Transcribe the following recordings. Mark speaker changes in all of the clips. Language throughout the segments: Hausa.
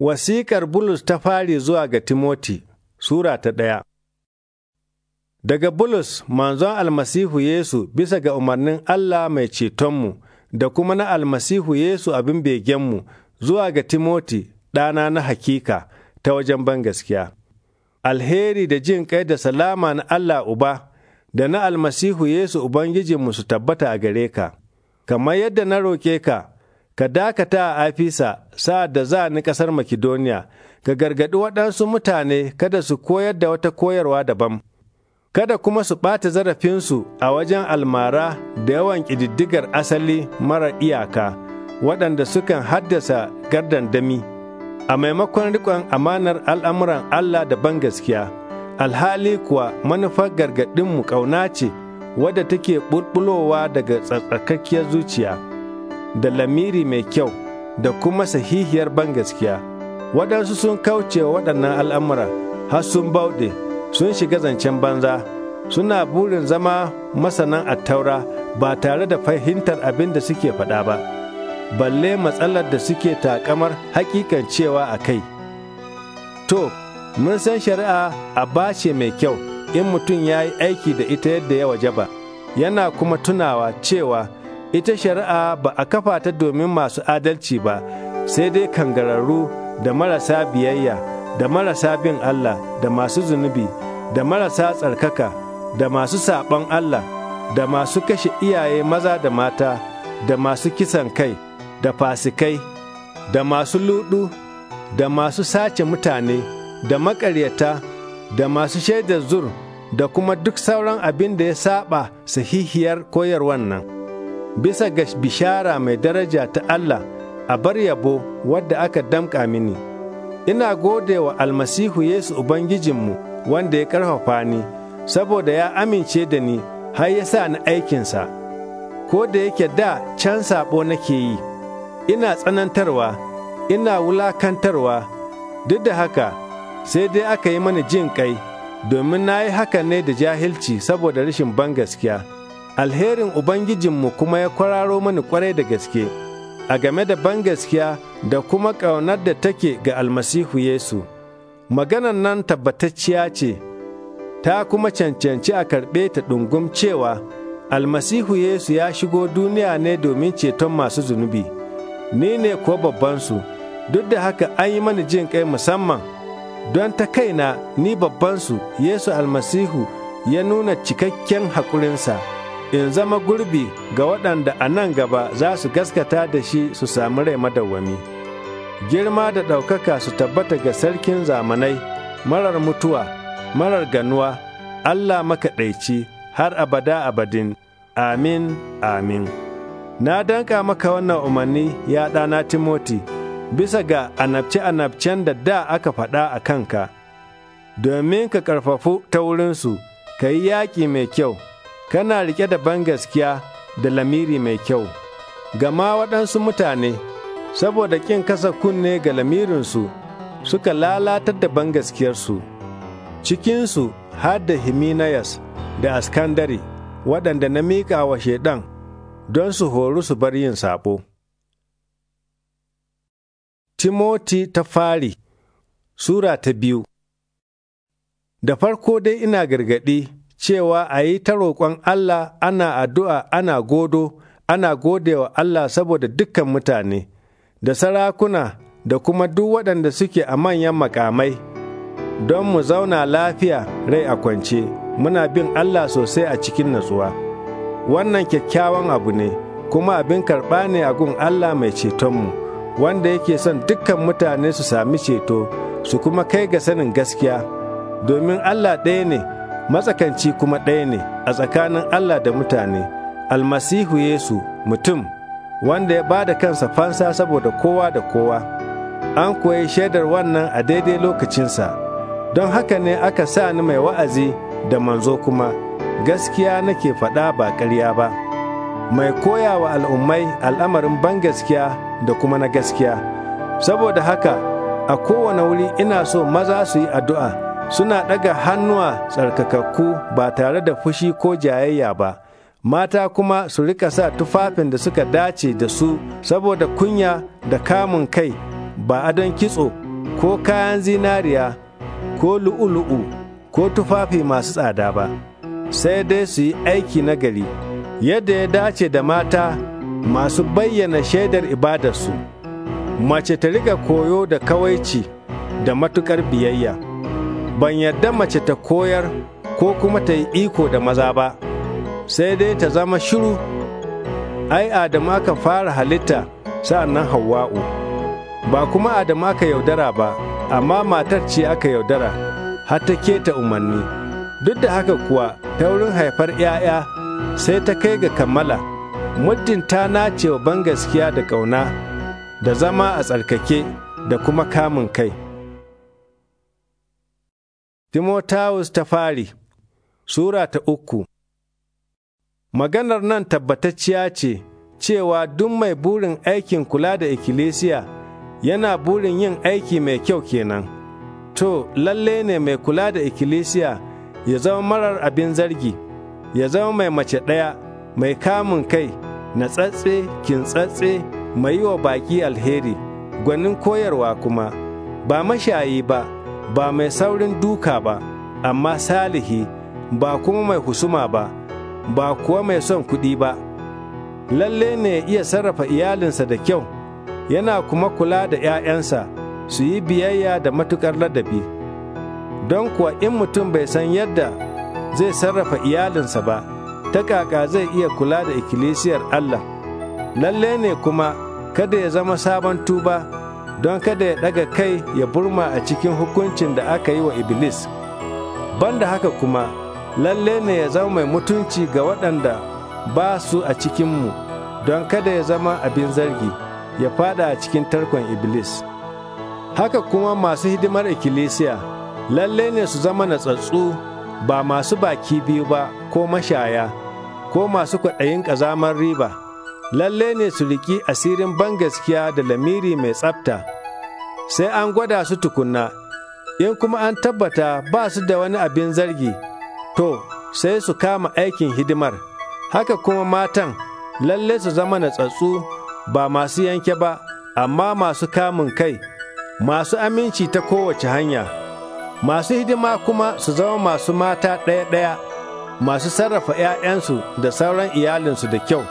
Speaker 1: Wasikar Bulus ta fari zuwa ga Timoti, Sura ta ɗaya Daga Bulus, manzon almasihu Yesu bisa ga umarnin Allah mai cetonmu da kuma na almasihu Yesu abin begenmu zuwa ga Timoti ɗana na hakika ta wajen ban gaskiya. Alheri da jin kai da salama na Allah Uba da na almasihu Yesu Ubangijinmu su tabbata a gare ka, kamar yadda na roke ka. ka dakata a afisa sa'ad da za ni ƙasar Makedoniya, ka gargaɗi waɗansu mutane kada su koyar da wata koyarwa daban, kada kuma su ɓata zarafinsu a wajen almara da yawan ƙididdigar asali marar iyaka, waɗanda sukan haddasa gardandami, a maimakon riƙon amanar al'amuran Allah da ban gaskiya. alhali kuwa manufar gargaɗinmu ƙauna ce wadda take ɓulɓulowa daga tsattsakakkiyar zuciya. da lamiri mai kyau da kuma sahihiyar gaskiya. waɗansu sun kauce waɗannan al'amura har sun bauɗe sun shiga zancen banza suna burin zama masanan attaura ba tare da fahimtar abin da suke faɗa ba balle matsalar da suke taƙamar hakikan cewa a kai to mun san shari'a a bace mai kyau in mutum ya yi aiki da ita yadda ya waje ba. yana kuma tunawa cewa ita shari'a ba a kafa ta domin masu adalci ba sai dai kangararru da marasa biyayya da marasa bin Allah da masu zunubi da marasa tsarkaka da masu saɓon Allah da masu kashe iyaye maza da mata da masu kisan kai da fasikai da masu ludu da masu sace mutane da maƙaryata da masu shaidar zur da kuma duk sauran abin da ya saba sahihiyar koyarwar nan. bisa ga bishara mai daraja ta Allah a bar yabo wadda aka damƙa mini. Ina gode wa almasihu Yesu Ubangijinmu wanda ya ƙarfafa ni, saboda ya amince da ni har ya sa ni aikinsa, ko da yake da can saɓo nake yi, ina tsanantarwa, ina wulakantarwa, duk da haka sai dai aka yi mani jin ƙai, domin na yi haka ne da jahilci saboda rashin gaskiya. alherin Ubangijinmu kuma ya kwararo mani kwarai da gaske, a game da bangaskiya da kuma ƙaunar da take ga almasihu Yesu. Maganan nan tabbatacciya ce, ta kuma cancanci a karɓe ta ɗungum cewa almasihu Yesu ya shigo duniya ne domin ceton masu zunubi, ni ne kuwa babbansu, duk da haka an yi mani jin kai musamman, don ta kaina ni babbansu Yesu almasihu ya nuna cikakken haƙurinsa. in zama gurbi ga waɗanda a nan gaba za su gaskata da shi su sami rai madawwami. Girma da ɗaukaka su tabbata ga sarkin zamanai, marar mutuwa, marar ganuwa, Allah makaɗaici har abada abadin, amin, amin. Na danka maka wannan umarni ya ɗana Timoti, bisa ga anabce-anabcen da da aka faɗa a kanka, domin ka ƙarfafu ta wurinsu, ka yi yaƙi mai kyau. kana rike da ban gaskiya da lamiri mai kyau, gama waɗansu mutane, saboda ƙin kasa kunne ga lamirinsu, suka lalatar da ban gaskiyarsu. cikinsu har da Himinayas da Askandari, waɗanda na miƙa wa Shaiɗan don su horu su bar yin saɓo. Timoti ta fari Sura ta biyu Da farko dai ina gargaɗi. cewa a yi ta roƙon Allah ana addu'a ana godo, ana gode wa Allah saboda dukkan mutane, da sarakuna da kuma duk waɗanda suke a manyan makamai, don mu zauna lafiya rai a kwance, muna bin Allah sosai a cikin natsuwa. Wannan kyakkyawan abu ne, kuma abin karɓa ne a gun Allah mai cetonmu. wanda yake son dukkan mutane su sami ceto su kuma kai ga sanin gaskiya domin Allah ɗaya ne matsakanci kuma ɗaya ne a tsakanin Allah da mutane, almasihu Yesu mutum, wanda ya ba da kansa fansa saboda kowa da kowa, an koyi shaidar wannan a daidai lokacinsa, don haka ne aka sa ni mai wa'azi da manzo kuma, gaskiya nake faɗa ba ƙarya ba. Mai koya wa al'ummai al'amarin ban gaskiya da kuma na gaskiya, saboda haka a kowane wuri ina so maza su yi addu'a. suna ɗaga hannuwa tsarkakakku ba tare da fushi ko jayayya ba, mata kuma su rika sa tufafin da suka dace da su saboda kunya da kamun kai ba don kitso ko kayan zinariya ko lu'ulu'u ko tufafi masu tsada ba, sai dai su yi aiki na gari yadda ya dace da mata masu bayyana shaidar ibadarsu. Mace ta riƙa koyo da kawaici da matuƙar biyayya. ban yadda mace ta koyar ko kuma ta yi iko da maza ba sai dai ta zama shiru ai adamu aka fara halitta sa'annan hawa'u ba kuma adamu aka yaudara ba amma matar ce aka yaudara har ta keta umarni duk da haka kuwa ta wurin haifar 'ya'ya sai ta kai ga kammala muddin ta nace wa ban gaskiya da ƙauna da zama a tsarkake da kuma kamun kai. Timotawus ta fari Sura ta uku Maganar nan tabbatacciya ce cewa duk mai burin aikin kula da ikkilisiya yana burin yin aiki mai kyau kenan. To, lalle ne mai kula da ikkilisiya ya zama marar abin zargi, ya zama mai mace ɗaya, mai kamun kai, na natsatse, kintsatse, mai yi wa baƙi alheri, gwanin koyarwa kuma, ba mashayi ba. ba mai saurin duka ba amma salihi ba kuma mai husuma ba ba kuwa mai son kuɗi ba lalle ne iya sarrafa iyalinsa da kyau yana kuma kula da ‘ya'yansa su yi biyayya da matuƙar ladabi don kuwa in mutum bai san yadda zai sarrafa iyalinsa ba ta kaka zai iya kula da ikkilisiyar Allah lalle ne kuma kada ya zama sabon tuba don kada ya ɗaga kai ya burma a cikin hukuncin da aka yi wa Iblis. Banda haka kuma, lalle ne ya zama mai mutunci ga waɗanda ba su a cikinmu, don kada ya zama abin zargi, ya fada a cikin tarkon Iblis. Haka kuma masu hidimar ikkilisiya, lalle ne su zama natsatsu ba masu baki biyu ba ko mashaya, ko masu kwaɗayin ƙazamar riba. lalle ne su riki asirin ban gaskiya da lamiri mai tsabta sai an gwada su tukunna, in kuma an tabbata ba su da wani abin zargi, to, sai su kama aikin hidimar, haka kuma matan lalle su zama natsatsu ba masu yanke ba, amma masu kamun kai, masu aminci ta kowace hanya, masu hidima kuma su zama masu mata ɗaya-ɗaya, masu sarrafa ‘ya'yansu da sauran iyalinsu da kyau.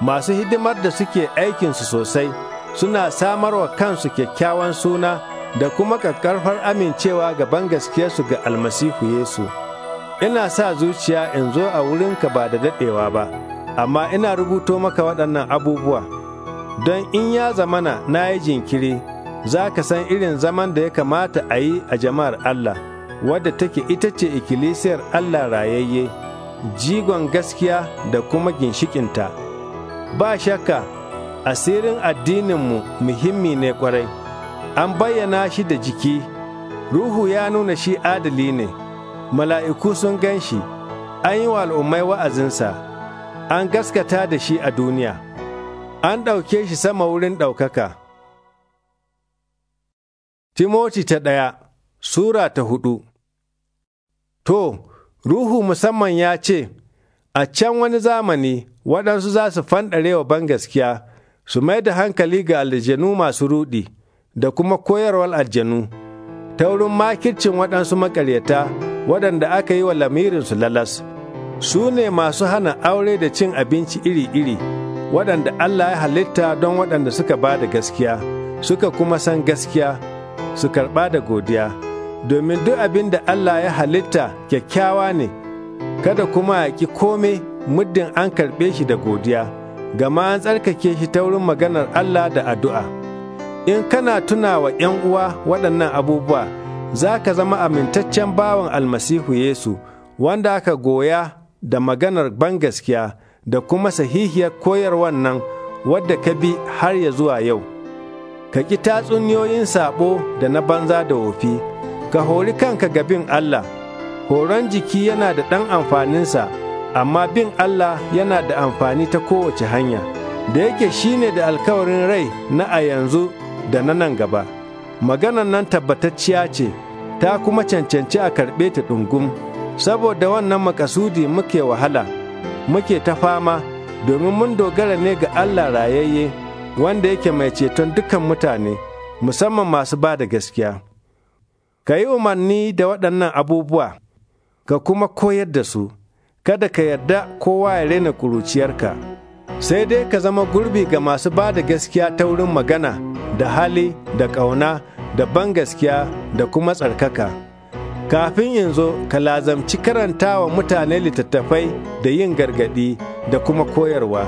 Speaker 1: masu hidimar da suke aikinsu sosai suna samar wa kansu kyakkyawan suna da kuma kakkarfar amincewa gaban gaskiyarsu ga almasihu Yesu. Ina sa zuciya in zo a wurinka ba da daɗewa ba, amma ina rubuto maka waɗannan abubuwa, don in ya zamana na yi jinkiri, za ka san irin zaman da ya kamata a yi a jama'ar Allah, wadda take ita ce ikkilisiyar Allah rayayye, jigon gaskiya da kuma ginshikinta. ba shakka asirin addininmu muhimmi ne kwarai an bayyana shi da jiki ruhu ya nuna shi adali ne mala'iku sun gan shi an yi wa al'ummai wa'azinsa an gaskata da shi a duniya an ɗauke shi sama wurin ɗaukaka timoti ta ɗaya sura ta hudu to ruhu musamman ya ce A can wani zamani waɗansu za su fanɗare wa gaskiya su mai da hankali ga aljanu masu ruɗi da kuma koyarwar aljanu ta wurin makircin waɗansu makaryata waɗanda aka yi wa lamirinsu lalas. Su ne masu hana aure da cin abinci iri-iri waɗanda Allah ya halitta don waɗanda suka ba da gaskiya, suka kuma san gaskiya, su karɓa da godiya, domin duk abin da Allah ya halitta kyakkyawa ne. kada kuma ya ki kome muddin an karɓe shi da godiya, gama an tsarkake shi ta wurin maganar Allah da addu'a. In kana tuna wa ‘yan uwa waɗannan abubuwa, za ka zama amintaccen bawan almasihu Yesu, wanda aka goya da maganar ban gaskiya, da kuma sahihiyar koyarwar nan wadda ka bi har ya zuwa yau. Ka ƙi tatsuniyoyin saɓo da na banza da wofi, ka hori kanka ga bin Allah. horon jiki yana da ɗan amfaninsa, amma bin Allah yana da amfani ta kowace hanya, da yake shi ne da alkawarin rai na a yanzu da na nan gaba. Maganan nan tabbatacciya ce, ta kuma cancanci a karɓe ta ɗungum, saboda wannan makasudi muke wahala, muke ta fama, domin mun dogara ne ga Allah rayayye, wanda yake mai ceton dukan mutane, musamman masu ba da gaskiya. Ka yi umarni da waɗannan abubuwa. ka kuma koyar da su, kada ka yarda kowa ya rena kuruciyarka, sai dai ka zama gurbi ga masu ba da gaskiya ta wurin magana, da hali, da ƙauna, da ban gaskiya, da kuma tsarkaka. Kafin yanzu ka lazamci karanta wa mutane littattafai da yin gargaɗi da kuma koyarwa.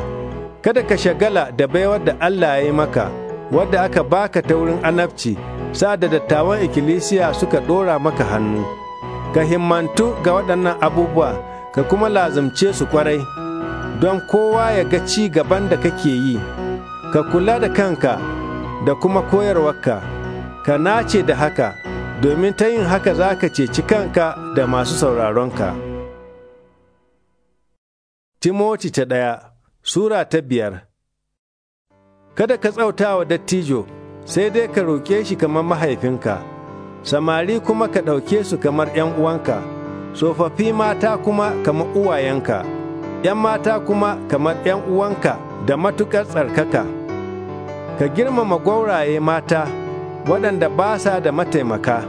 Speaker 1: Kada ka shagala da baiwar da Allah ya yi maka, wadda aka baka ta wurin anabci, sa da dattawan ikkilisiya suka ɗora maka hannu. ka himmantu ga waɗannan abubuwa ka kuma lazumce su kwarai don kowa ya ga ci gaban da kake yi ka kula da kanka da kuma koyarwarka ka nace da haka domin ta yin haka za ka ceci kanka da masu sauraronka Timoti ta ɗaya Sura ta biyar Kada ka tsautawa dattijo sai dai ka roƙe shi kamar mahaifinka. samari kuma ka ɗauke su kamar ‘yan uwanka, tsofaffi mata kuma kamar uwayenka, ‘yan mata kuma kamar ‘yan uwanka da matuƙar tsarkaka. Ka girmama gwauraye mata waɗanda ba sa da mataimaka,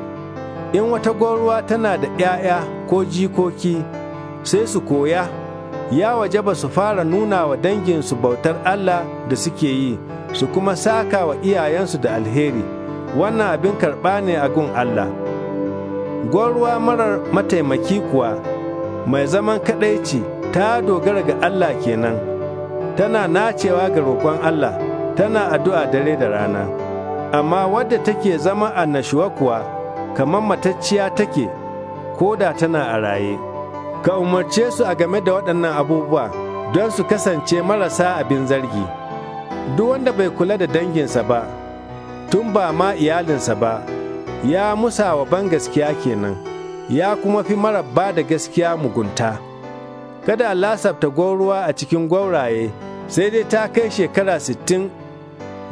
Speaker 1: in wata gwauruwa tana da ‘ya'ya ko jikoki, sai su koya, ya waje ba su fara nuna wa danginsu bautar Allah da suke yi, su kuma saka wa iyayensu da alheri. wannan abin karɓa ne a gun Allah. Gwarwa marar mataimaki kuwa mai zaman kaɗaici ta dogara ga Allah kenan, tana nacewa ga roƙon Allah, tana addu'a dare da rana. Amma wadda take zama a annashuwa kuwa, kamar matacciya take, ko da tana a raye. Ka umarce su a game da waɗannan abubuwa don su kasance marasa abin zargi. Duk wanda bai kula da danginsa ba, tun ba ma iyalinsa ba ya musa wa ban gaskiya kenan ya kuma fi mara ba da gaskiya mugunta kada a lasafta gwauruwa a cikin gwauraye sai dai ta kai shekara sittin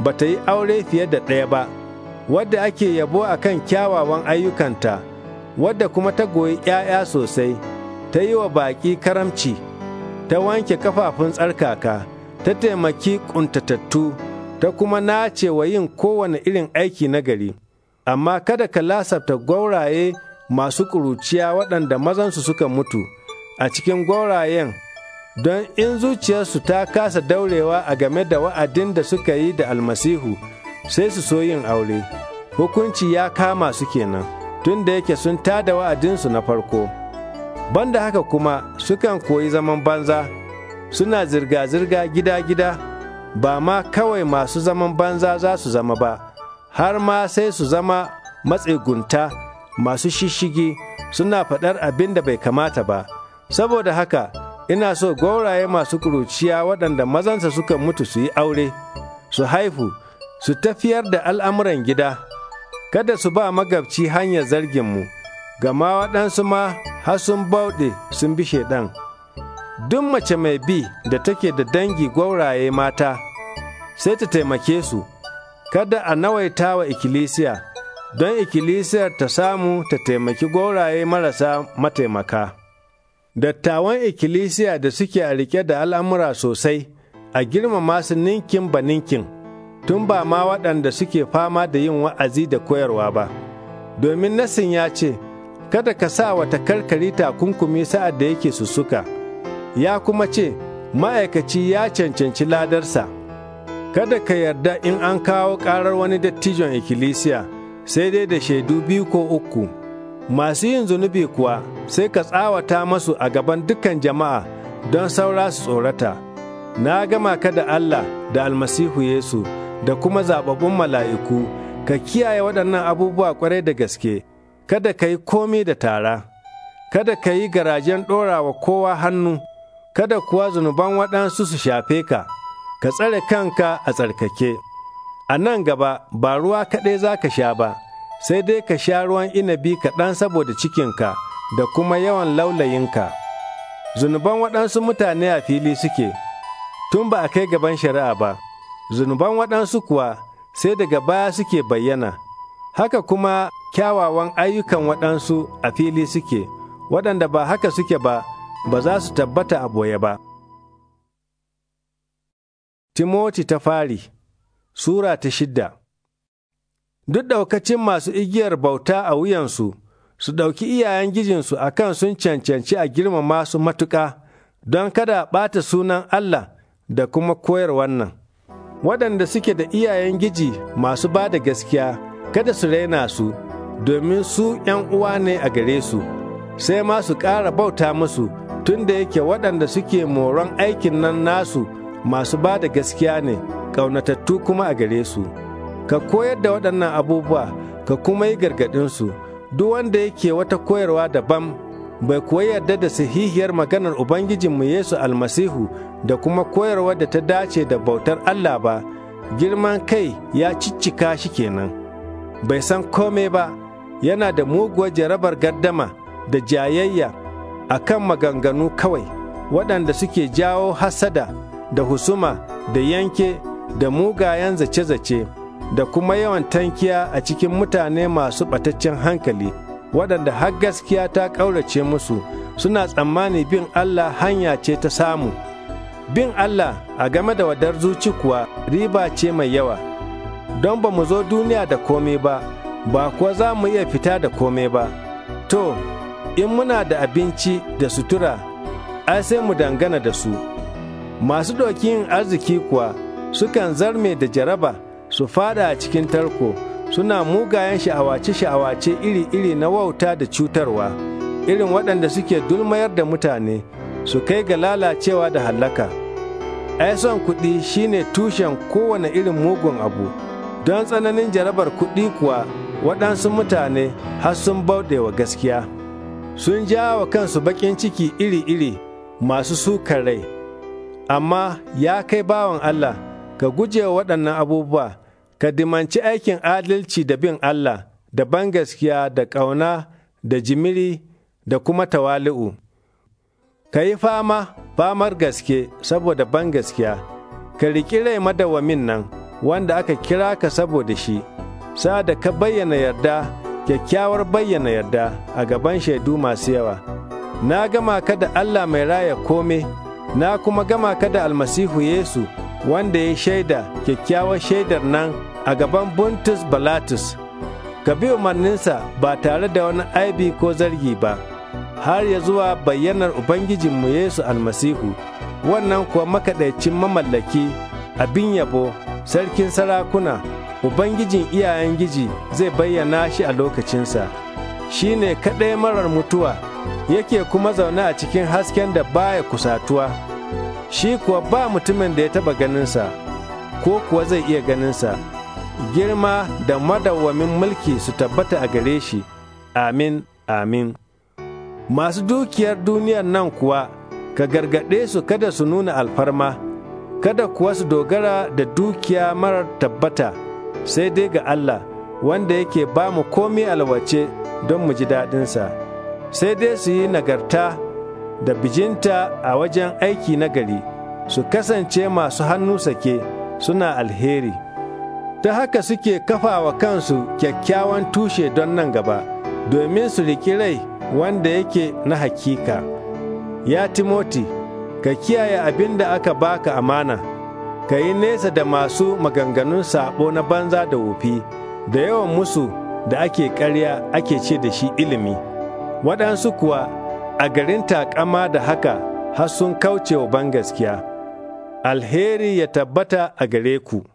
Speaker 1: ba ta yi aure fiye da ɗaya ba wadda ake yabo a kan kyawawan ayyukanta wadda kuma ta goyi ‘ya'ya sosai ta yi wa baƙi karamci ta wanke kafafun tsarkaka ta taimaki ƙuntatattu ta kuma nace wa yin kowane irin aiki na gari. amma kada ka lasafta gwauraye masu ƙuruciya waɗanda mazansu suka mutu a cikin gwaurayen don in zuciyarsu ta kasa daurewa a game da wa'adin da suka yi da almasihu sai su so yin aure hukunci ya kama su kenan tun da yake sun tada wa'adinsu na farko banda haka kuma sukan koyi zaman banza suna zirga-zirga gida-gida ba ma kawai masu zaman banza za su zama ba, har ma sai su zama matsegunta masu shishigi suna faɗar abin da bai kamata ba. Saboda haka, ina so gwauraye masu ƙuruciya waɗanda mazansa suka mutu su yi aure, su haifu, su tafiyar da al'amuran gida, kada su ba magabci hanyar zarginmu, gama waɗansu ma har sun bauɗe sun bi shaiɗan. Duk mace mai bi da take da dangi gwauraye mata. sai ta taimake su, kada a nawaita wa ikkilisiya, don ikkilisiyar ta samu ta taimaki goraye marasa mataimaka. Dattawan ikkilisiya da suke a rike da al'amura sosai, a girmama su ninkin ba ninkin, tun ba ma waɗanda suke fama da yin wa'azi da koyarwa ba. Domin nasin ya ce, Kada ka sa wata karkari takunkumi sa'ad da yake sussuka, ya kuma ce, Ma'aikaci ya cancanci ladarsa. kada ka yarda in an kawo ƙarar wani dattijon ikkilisiya sai dai da shaidu biyu ko uku masu yin zunubi kuwa sai ka tsawata masu a gaban dukkan jama'a don saura su tsorata na gama ka da Allah da almasihu Yesu da kuma zababbun mala'iku ka kiyaye waɗannan abubuwa kwarai da gaske kada ka yi komi da tara kada ka yi garajen wa kowa hannu kada kuwa zunuban waɗansu su shafe ka. ka tsare kanka a tsarkake. A nan gaba ba ruwa kaɗai za ka sha ba, sai dai ka sha ruwan inabi kaɗan saboda cikinka da kuma yawan laulayinka. Zunuban waɗansu mutane a fili suke, tun ba a kai gaban shari'a ba, zunuban waɗansu kuwa sai daga baya suke bayyana. Haka kuma kyawawan ayyukan waɗansu a fili suke, waɗanda ba haka suke ba, ba za su tabbata a boye ba. Timoti ta fari Sura ta shidda Duk ɗaukacin masu igiyar bauta a wuyansu, su ɗauki iyayen gijinsu a kan sun cancanci a girmama su matuƙa, don kada ɓata sunan Allah da kuma koyar wannan. Waɗanda suke da iyayen giji masu ba da gaskiya, kada su raina su, domin su ‘yan uwa ne a gare su, sai ma su ƙara bauta musu, tun da yake waɗanda suke moron aikin nan nasu. masu ba da gaskiya ne ƙaunatattu kuma a gare su ka koyar da waɗannan abubuwa ka kuma yi gargaɗinsu duk wanda yake wata koyarwa daban bai kuwa yarda da sahihiyar maganar Ubangijinmu Yesu almasihu da kuma koyarwa da ta dace da bautar Allah ba, girman kai ya ciccika shi kenan. Bai san kome ba, yana da muguwar jarabar gardama da jayayya a kan maganganu kawai waɗanda suke jawo hasada da husuma da yanke da mugayen zace-zace da kuma yawan tankiya a cikin mutane masu ɓataccen hankali waɗanda har gaskiya ta ƙaurace musu suna tsammani bin Allah hanya ce ta samu. Bin Allah a game da wadar zuci kuwa riba ce mai yawa, don ba mu zo duniya da kome ba, ba kuwa za mu iya fita da kome ba. To, in muna da abinci da sutura, ai sai mu dangana da su. masu dokin arziki kuwa sukan zarme da jaraba su fada a cikin tarko suna mugayen sha'awace-sha'awace iri-iri na wauta da cutarwa irin waɗanda suke dulmayar da mutane su kai ga lalacewa da hallaka ai son kuɗi shine tushen kowane irin mugun abu don tsananin jarabar kuɗi kuwa waɗansu mutane har sun wa gaskiya sun ja wa kansu baƙin ciki iri-iri masu sukar rai amma ya kai bawan Allah, ka guje wa waɗannan abubuwa, ka dimanci aikin adalci da bin Allah, da bangaskiya da ƙauna, da jimiri, da kuma tawali'u. Ka yi fama, famar gaske saboda bangaskiya, ka riƙi rai madawamin nan, wanda aka kira ka saboda shi, sa da ka bayyana yarda, kyakkyawar bayyana yarda a gaban shaidu masu yawa. Na gama ka da Allah mai raya kome. na kuma gama ka da almasihu Yesu wanda ya shaida kyakkyawar shaidar nan a gaban Buntus Balatus, ka bi umarninsa ba tare da wani aibi ko zargi ba, har ya zuwa bayyanar Ubangijinmu Yesu almasihu, wannan kuwa makaɗaicin mamallaki, abin yabo, sarkin sarakuna, Ubangijin iyayen giji zai bayyana shi a lokacinsa, shi ne kaɗai marar mutuwa. yake kuma zaune a cikin hasken da baya kusatuwa shi kuwa ba mutumin da ya taɓa ganinsa ko kuwa zai iya ganinsa girma da madawwamin mulki su tabbata a gare shi amin amin masu dukiyar duniyar nan kuwa ka gargaɗe su kada su nuna alfarma kada kuwa su dogara da dukiya marar tabbata sai dai ga Allah wanda yake ba mu komi alwace don mu ji daɗinsa. sai dai su yi nagarta da bijinta a wajen aiki nagari su kasance masu hannu sake suna alheri ta haka suke kafa wa kansu kyakkyawan tushe don nan gaba domin su riƙi rai wanda yake na hakika ya timoti ka kiyaye abin da aka baka amana ka yi nesa da masu maganganun saɓo na banza da wofi da yawan musu da ake ƙarya ake ce da shi ilimi. waɗansu kuwa a garin taƙama da haka har sun kauce wa bangaskiya alheri ya tabbata a gare ku.